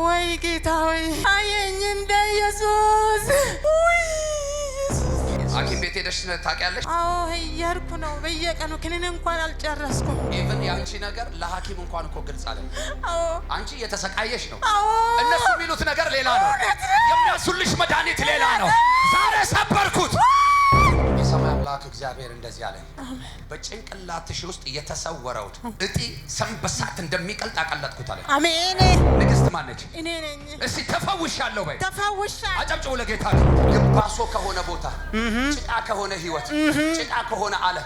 ወይ ጌታ ወይ አየኝ እንደ ኢየሱስ ሐኪም ቤት ሄደሽ ታውቂያለሽ? አዎ እየሄድኩ ነው በየቀኑ ክኒን እንኳን አልጨረስኩም። ኢቭን የአንቺ ነገር ለሐኪም እንኳን እኮ ግልጽ አለ። አዎ አንቺ እየተሰቃየሽ ነው። እነሱ የሚሉት ነገር ሌላ ነው፣ የሚያሱልሽ መድኃኒት ሌላ ነው። ዛሬ ሰበርኩት። እግዚአብሔር እንደዚህ አለ፣ በጭንቅላትሽ ውስጥ የተሰወረውን እጢ ሰም በሳት እንደሚቀልጥ አቀለጥኩት አለ። አሜን። ንግስት ማነች? እኔ ነኝ። እስቲ ተፈውሻለሁ በይ፣ ተፈውሻለሁ። አጨብጭቡ ለጌታ። ልባሶ ከሆነ ቦታ፣ ጭቃ ከሆነ ህይወት፣ ጭቃ ከሆነ አለ፣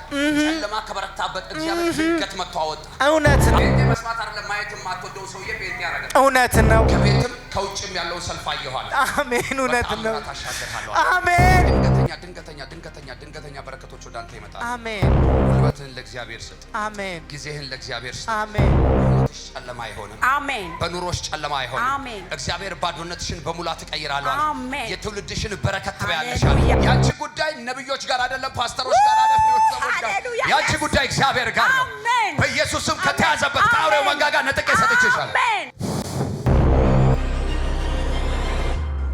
ጨለማ ከበረታበት እግዚአብሔር ድንገት መጥቶ አወጣ። እውነት ነው። ይሄ መስማት አይደለም ማየት የማትወደው ሰውዬ ቤት ያረጋል። እውነት ነው። ከቤትም ከውጭም ያለው ሰልፍ አየኋል። አሜን። እውነት ነው። አሜን። ድንገተኛ ድንገተኛ ድንገተኛ ድንገተኛ በረከቶች ወደ አንተ ይመጣል። አሜን። ጉልበትህን ለእግዚአብሔር ስጥ። አሜን። ጊዜህን ለእግዚአብሔር ስጥ። አሜን። ጨለማ አይሆንም። አሜን። በኑሮሽ ጨለማ አይሆንም። አሜን። እግዚአብሔር ባዶነትሽን በሙላት አሜን። የትውልድሽን በረከት ትበያለሽ። ያንቺ ጉዳይ ነብዮች ጋር አይደለም፣ ፓስተሮች ጋር አይደለም። ያንቺ ጉዳይ እግዚአብሔር ጋር ነው። በኢየሱስም ከተያዘበት ከአውሬው ነጥቄ ሰጥቼሻለሁ።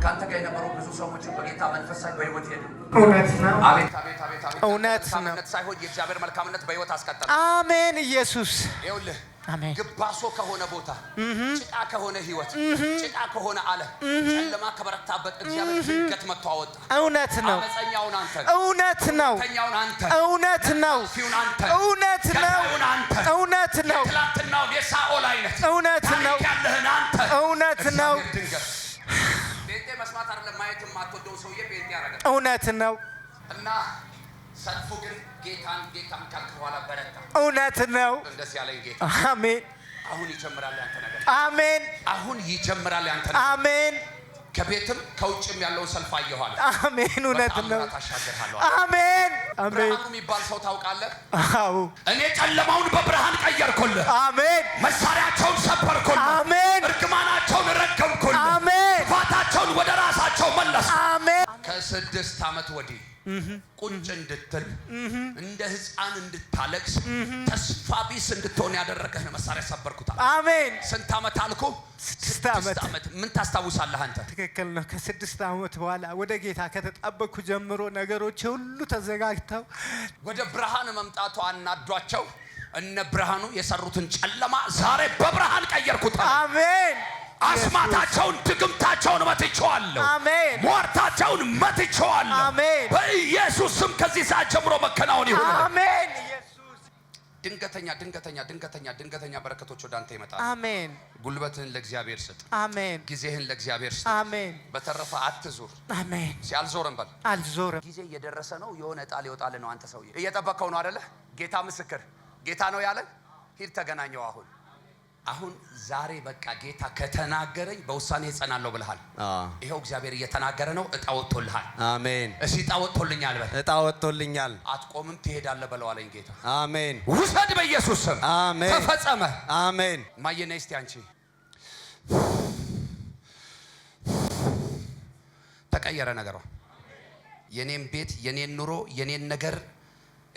ከአንተ ጋር የነበሩ ብዙ ሰዎች በጌታ በህይወት ሄዱ። እውነት ነው። አቤት አቤት አቤት አቤት። እውነት ነው ሳይሆን የእግዚአብሔር መልካምነት በህይወት አስቀጠለ። አሜን። ኢየሱስ ይኸውልህ ግባሶ ከሆነ ቦታ ጭቃ ከሆነ ህይወት ጭቃ ከሆነ ጨለማ ከበረታበት እግዚአብሔር ድንገት መጥቶ አወጣ። እውነት ነው። አመፀኛውን አንተ፣ እውነት ነው። ተኛውን አንተ፣ እውነት ነው። እውነት ነው። እውነት ነው። ትላንትናው የሳኦል አይነት እውነት ነው። ያለህን አንተ፣ እውነት ነው። ማየት የማትወደው ሰውዬ ጴንጤ ያደርጋል። እውነት ነው እና ሰልፉ ግን ጌታን ጌታን ካልክ በኋላ በረታ። እውነት ነው። እንደዚህ ያለኝ ጌታ አሜን። አሁን ይጀምራል ያንተ ነገር አሜን። አሁን ይጀምራል ያንተ ነገር አሜን። ከቤትም ከውጭም ያለውን ሰልፍ አየኋለሁ። አሜን። እውነት ነው። አሜን። ብርሃኑ የሚባል ሰው ታውቃለህ? አዎ። እኔ ጨለማውን በብርሃን ቀየርኩልህ። አሜን። መሳሪያቸውን ሰበርኩልህ። አሜን። እርግማና ከስድስት ዓመት ወዲህ ቁጭ እንድትል እንደ ህፃን እንድታለቅስ ተስፋ ቢስ እንድትሆን ያደረገህን መሳሪያ ሰበርኩታል። አሜን። ስንት ዓመት አልኩ? ስድስት ዓመት። ምን ታስታውሳለህ አንተ? ትክክል ነው። ከስድስት ዓመት በኋላ ወደ ጌታ ከተጣበቅኩ ጀምሮ ነገሮች ሁሉ ተዘጋግተው ወደ ብርሃን መምጣቱ አናዷቸው። እነ ብርሃኑ የሰሩትን ጨለማ ዛሬ በብርሃን ቀየርኩታል። አሜን። አስማታቸውን ድግምታቸውን መትቼዋለሁ። ሟርታቸውን መትቼዋለሁ። በኢየሱስ ስም ከዚህ ሰዓት ጀምሮ መከናወን ይሁን። ድንገተኛ ድንገተኛ ድንገተኛ ድንገተኛ በረከቶች ወደ አንተ ይመጣል። አሜን። ጉልበትህን ለእግዚአብሔር ስጥ። አሜን። ጊዜህን ለእግዚአብሔር ስጥ። አሜን። በተረፈ አትዙር። አሜን። ሲያልዞርም በል አልዞርም። ጊዜ እየደረሰ ነው። የሆነ ጣል ይወጣል ነው። አንተ ሰውዬ እየጠበቀው ነው አይደለ? ጌታ ምስክር ጌታ ነው ያለ። ሂድ ተገናኘው አሁን አሁን ዛሬ በቃ ጌታ ከተናገረኝ በውሳኔ እጸናለሁ ብልሃል። ይኸው እግዚአብሔር እየተናገረ ነው። እጣ ወጥቶልሃል። አሜን። እሺ፣ እጣ ወጥቶልኛል በል። እጣ ወጥቶልኛል። አትቆምም ትሄዳለህ ብለው አለኝ ጌታ። አሜን። ውሰድ በኢየሱስ ስም። አሜን። ተፈጸመ። አሜን። ማየነ እስቲ አንቺ ተቀየረ ነገሯ። የኔን ቤት፣ የኔን ኑሮ፣ የኔን ነገር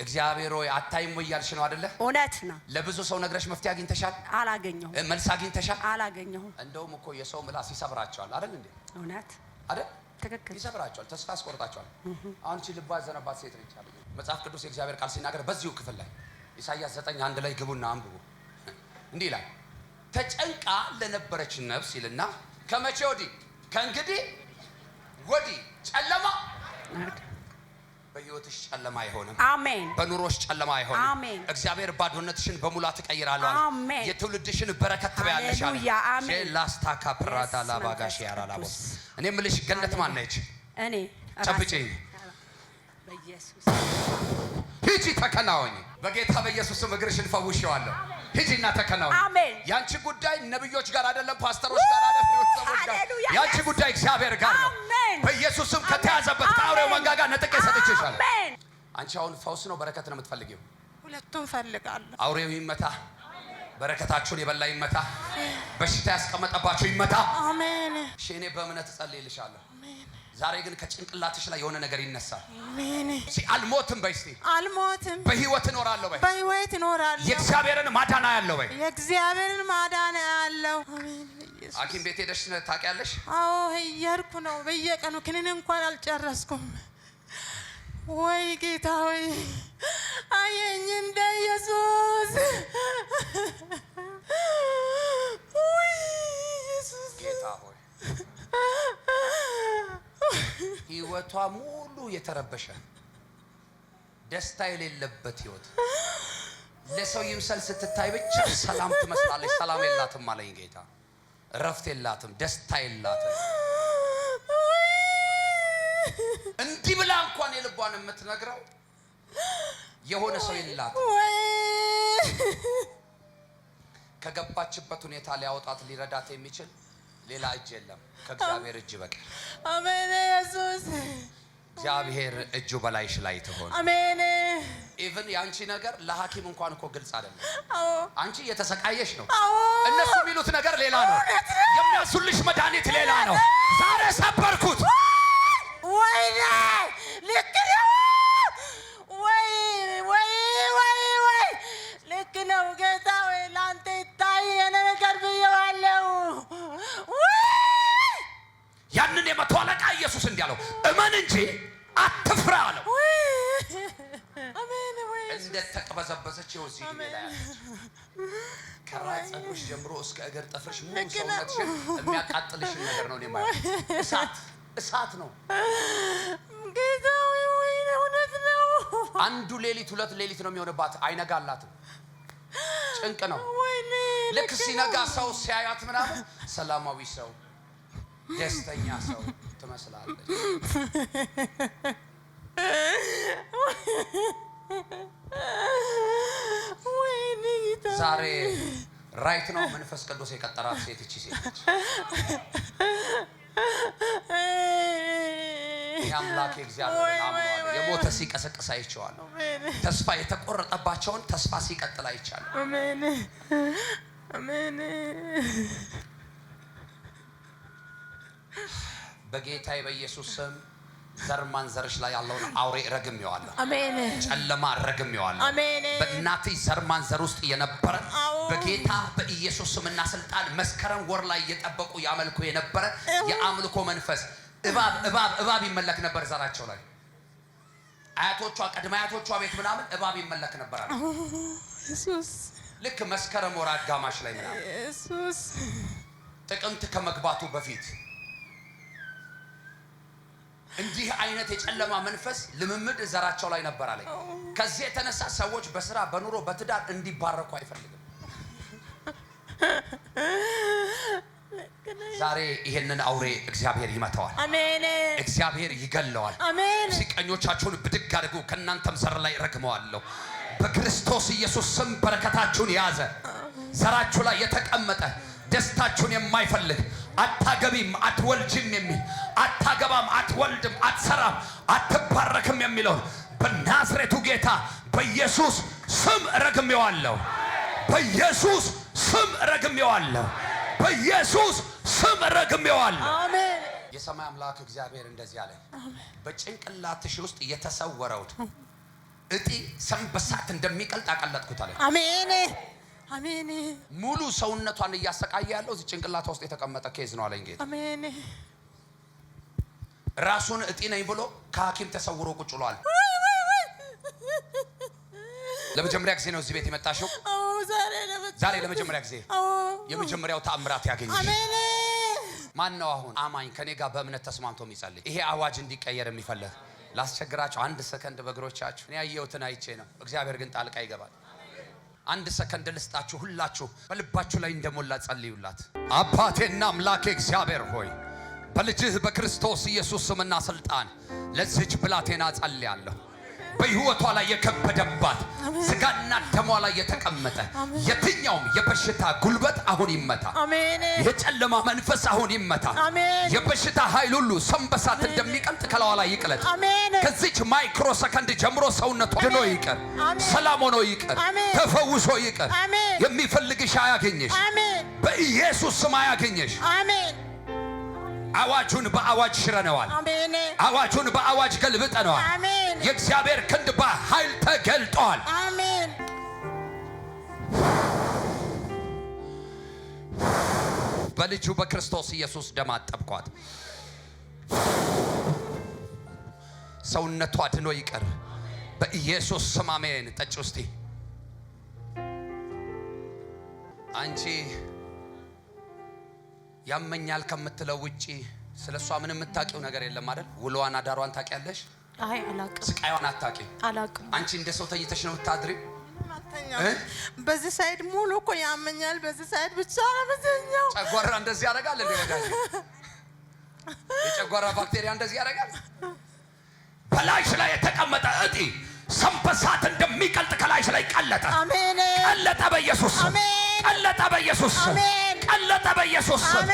እግዚአብሔር ሆይ አታይም ወይ እያልሽ ነው አይደለ? እውነት ነው። ለብዙ ሰው ነግረሽ መፍትሄ አግኝተሻል? አላገኘሁም። መልስ አግኝተሻል? አላገኘሁም። እንደውም እኮ የሰው ምላስ ይሰብራቸዋል አይደል እንዴ? እውነት አይደል? ትክክል። ይሰብራቸዋል፣ ተስፋ አስቆርጣቸዋል። አሁን እቺ ልቧ ያዘነባት ሴት ነች። መጽሐፍ ቅዱስ የእግዚአብሔር ቃል ሲናገር በዚሁ ክፍል ላይ ኢሳይያስ ዘጠኝ አንድ ላይ ግቡና አንብቡ። እንዲህ ይላል ተጨንቃ ለነበረች ነፍስ ይልና ከመቼ ወዲህ ከእንግዲህ ወዲህ ጨለማ በህይወትሽ ጨለማ አይሆንም። አሜን። በኑሮሽ ጨለማ አይሆንም። አሜን። እግዚአብሔር ባዶነትሽን በሙላት እቀይራለሁ። አሜን። የትውልድሽን በረከት ትበያለሽ። ሃሌሉያ። አሜን። ላባጋሽ ያራላቦ እኔ ምልሽ ገነት ማን ነች? እኔ በኢየሱስ ሂጂ፣ ተከናወኝ። በጌታ በኢየሱስም እግርሽን ፈውሼዋለሁ። ሂጂና ተከናወን። አሜን። ያንቺ ጉዳይ ነብዮች ጋር አይደለም፣ ፓስተሮች ጋር አይደለም። ያንቺ ጉዳይ እግዚአብሔር ጋር ነው። በኢየሱስም ከተያዘበት ከአውሬው መንጋጋ ነጥቄ ሰጥቼሻለሁ። አንቺ አሁን ፈውስ ነው፣ በረከት ነው የምትፈልጊው? ሁለቱም ፈልጋለሁ። አውሬው ይመታ በረከታችሁን የበላ ይመታ፣ በሽታ ያስቀመጠባችሁ ይመታ። አሜን። እሺ፣ እኔ በእምነት እጸልይልሻለሁ። ዛሬ ግን ከጭንቅላትሽ ላይ የሆነ ነገር ይነሳል። አሜን። አልሞትም በይ፣ እስቲ አልሞትም፣ በህይወት እኖራለሁ በይ፣ በህይወት እኖራለሁ። የእግዚአብሔርን ማዳና ያለው በይ፣ የእግዚአብሔርን ማዳና ያለው አሜን። ሐኪም ቤት ሄደሽ ታውቂያለሽ? አዎ እየሄድኩ ነው በየቀኑ። ክኒን እንኳን አልጨረስኩም። ወይ ጌታ ወይ ሙሉ የተረበሸ ደስታ የሌለበት ህይወት ለሰው ይምሰል ስትታይ ብቻ ሰላም ትመስላለች። ሰላም የላትም አለኝ ጌታ። እረፍት የላትም፣ ደስታ የላትም። እንዲህ ብላ እንኳን የልቧን የምትነግረው የሆነ ሰው የላትም። ከገባችበት ሁኔታ ሊያወጣት ሊረዳት የሚችል ሌላ እጅ የለም ከእግዚአብሔር እጅ በቀር። አሜን። የእግዚአብሔር እጁ በላይሽ ላይ ትሆን። አሜን። ኢቭን የአንቺ ነገር ለሐኪም እንኳን እኮ ግልጽ አይደለም። አንቺ እየተሰቃየሽ ነው። እነሱ የሚሉት ነገር ሌላ ነው፣ የሚያሱልሽ መድኃኒት ሌላ ነው። ዛሬ ሰበርኩት። ወይኔ ልክ ነው። ወይ ወይ ወይ ወይ ልክ ነው ጌታ ወይ ለአንተ ይታይ የኔ ነገር ብየዋለው። ያንን የመቶ አለቃ ኢየሱስ እንዲያለው እመን እንጂ እዚህ ዱቤ ከራስ ፀጉርሽ ጀምሮ እስከ እግር ጥፍርሽ ሙሉ ሰውነትሽን የሚያቃጥልሽን ነገር ነው ማለት እሳት እሳት ነው። ጌታ ወይ እውነት ነው። አንዱ ሌሊት ሁለት ሌሊት ነው የሚሆንባት፣ አይነጋላትም። ጭንቅ ነው። ልክ ሲነጋ ሰው ሲያያት ምናምን ሰላማዊ ሰው፣ ደስተኛ ሰው ትመስላለች። ዛሬ ራይት ነው። መንፈስ ቅዱስ የቀጠራት ሴት እቺ ሴት ነች። የአምላክ እግዚአብሔር የሞተ ሲቀሰቅስ አይቼዋለሁ። ተስፋ የተቆረጠባቸውን ተስፋ ሲቀጥል አይቻለሁ። በጌታ በኢየሱስ ስም ዘር ማንዘርሽ ላይ ያለውን አውሬ ረግም ይዋለሁ። አሜን። ጨለማ ረግም ይዋለሁ። አሜን። በእናትሽ ዘር ማንዘር ውስጥ የነበረ በጌታ በኢየሱስ ስምና ስልጣን መስከረም ወር ላይ እየጠበቁ ያመልኩ የነበረ የአምልኮ መንፈስ እባብ እባብ እባብ ይመለክ ነበር ዘራቸው ላይ አያቶቿ ቀድመ አያቶቿ ቤት ምናምን እባብ ይመለክ ነበር አለ ኢየሱስ። ልክ መስከረም ወር አጋማሽ ላይ ምናምን ኢየሱስ ጥቅምት ከመግባቱ በፊት እንዲህ አይነት የጨለማ መንፈስ ልምምድ ዘራቸው ላይ ነበር አለኝ። ከዚህ የተነሳ ሰዎች በስራ በኑሮ በትዳር እንዲባረኩ አይፈልግም። ዛሬ ይሄንን አውሬ እግዚአብሔር ይመታዋል። እግዚአብሔር ይገለዋል። አሜን። ሲቀኞቻችሁን ብድግ አድርጉ። ከእናንተም ዘር ላይ ረግመዋለሁ። በክርስቶስ ኢየሱስ ስም በረከታችሁን የያዘ ዘራችሁ ላይ የተቀመጠ ደስታችሁን የማይፈልግ አታገቢም፣ አትወልጅም የሚል አታገባም፣ አትወልድም፣ አትሰራም፣ አትባረክም የሚለውን በናዝሬቱ ጌታ በኢየሱስ ስም ረግሜዋለሁ። በኢየሱስ ስም ረግሜዋለሁ። በኢየሱስ ስም ረግሜዋለሁ። የሰማይ አምላክ እግዚአብሔር እንደዚህ አለ፣ በጭንቅላትሽ ውስጥ የተሰወረውን እጢ ሰንበሳት እንደሚቀልጥ አቀለጥኩት አለ። አሜን። አሜን። ሙሉ ሰውነቷን እያሰቃየ ያለው እዚህ ጭንቅላቷ ውስጥ የተቀመጠ ኬዝ ነው አለኝ ጌታ። አሜን። ራሱን እጢ ነኝ ብሎ ከሐኪም ተሰውሮ ቁጭ ብሏል። ለመጀመሪያ ጊዜ ነው እዚህ ቤት የመጣሽው? ዛሬ ለመጀመሪያ ጊዜ የመጀመሪያው ተአምራት ያገኘሽ። ማን ነው አሁን አማኝ ከኔ ጋር በእምነት ተስማምቶ የሚጸልይ? ይሄ አዋጅ እንዲቀየር የሚፈልግ ላስቸግራቸው አንድ ሰከንድ በእግሮቻችሁ እኔ ያየሁትን አይቼ ነው። እግዚአብሔር ግን ጣልቃ ይገባል። አንድ ሰከንድ ልስጣችሁ። ሁላችሁ በልባችሁ ላይ እንደሞላ ጸልዩላት። አባቴና አምላኬ እግዚአብሔር ሆይ በልጅህ በክርስቶስ ኢየሱስ ስምና ስልጣን ለዚህች ብላቴና ጸልያለሁ። በህይወቷ ላይ የከበደባት ስጋና ደሟ ላይ የተቀመጠ የትኛውም የበሽታ ጉልበት አሁን ይመታ። የጨለማ መንፈስ አሁን ይመታ። የበሽታ ኃይል ሁሉ ሰንበሳት እንደሚቀልጥ ከላዋ ላይ ይቅለጥ። ከዚች ማይክሮ ሰከንድ ጀምሮ ሰውነቷ ድኖ ይቅር፣ ሰላም ሆኖ ይቅር፣ ተፈውሶ ይቅር። የሚፈልግሽ አያገኘሽ፣ በኢየሱስ ስም አያገኘሽ። አዋጁን በአዋጅ ሽረነዋል። አዋጁን በአዋጅ ገልብጠነዋል። የእግዚአብሔር ክንድ በኃይል ተገልጧል። በልጁ በክርስቶስ ኢየሱስ ደም አጠብኳት። ሰውነቷ ድኖ ይቀር በኢየሱስ ስም አሜን። ጠጭ ውስጢ አንቺ ያመኛል ከምትለው ውጪ ስለ እሷ ምንም የምታውቂው ነገር የለም አይደል? ውሎዋን አዳሯን ታውቂያለሽ? አይ አላውቅም። ስቃይዋን አታውቂም? አላውቅም። አንቺ እንደ ሰው ተኝተሽ ነው የምታድሪው? በዚህ ሳይድ ሙሉ እኮ ያመኛል፣ በዚህ ሳይድ ብቻ ነው። ጨጓራ እንደዚህ ያደርጋል እንዴ? ወዳጅ የጨጓራ ባክቴሪያ እንደዚህ ያደርጋል። በላይሽ ላይ የተቀመጠ እጢ ሰንበሳት እንደሚቀልጥ ከላይሽ ላይ ቀለጠ፣ ቀለጠ በኢየሱስ ቀለጠ በኢየሱስ ቀለጠ በኢየሱስ ስም፣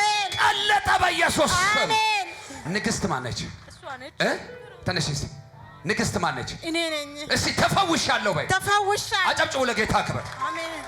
ቀለጠ በኢየሱስ ስም። ንግስት ማነች? ተነሽ ንግስት ማነች? እኔ ነኝ። እስቲ ተፈውሻለሁ በይ። ተፈውሻለሁ። አጨብጭቡ ለጌታ ክብር። አሜን።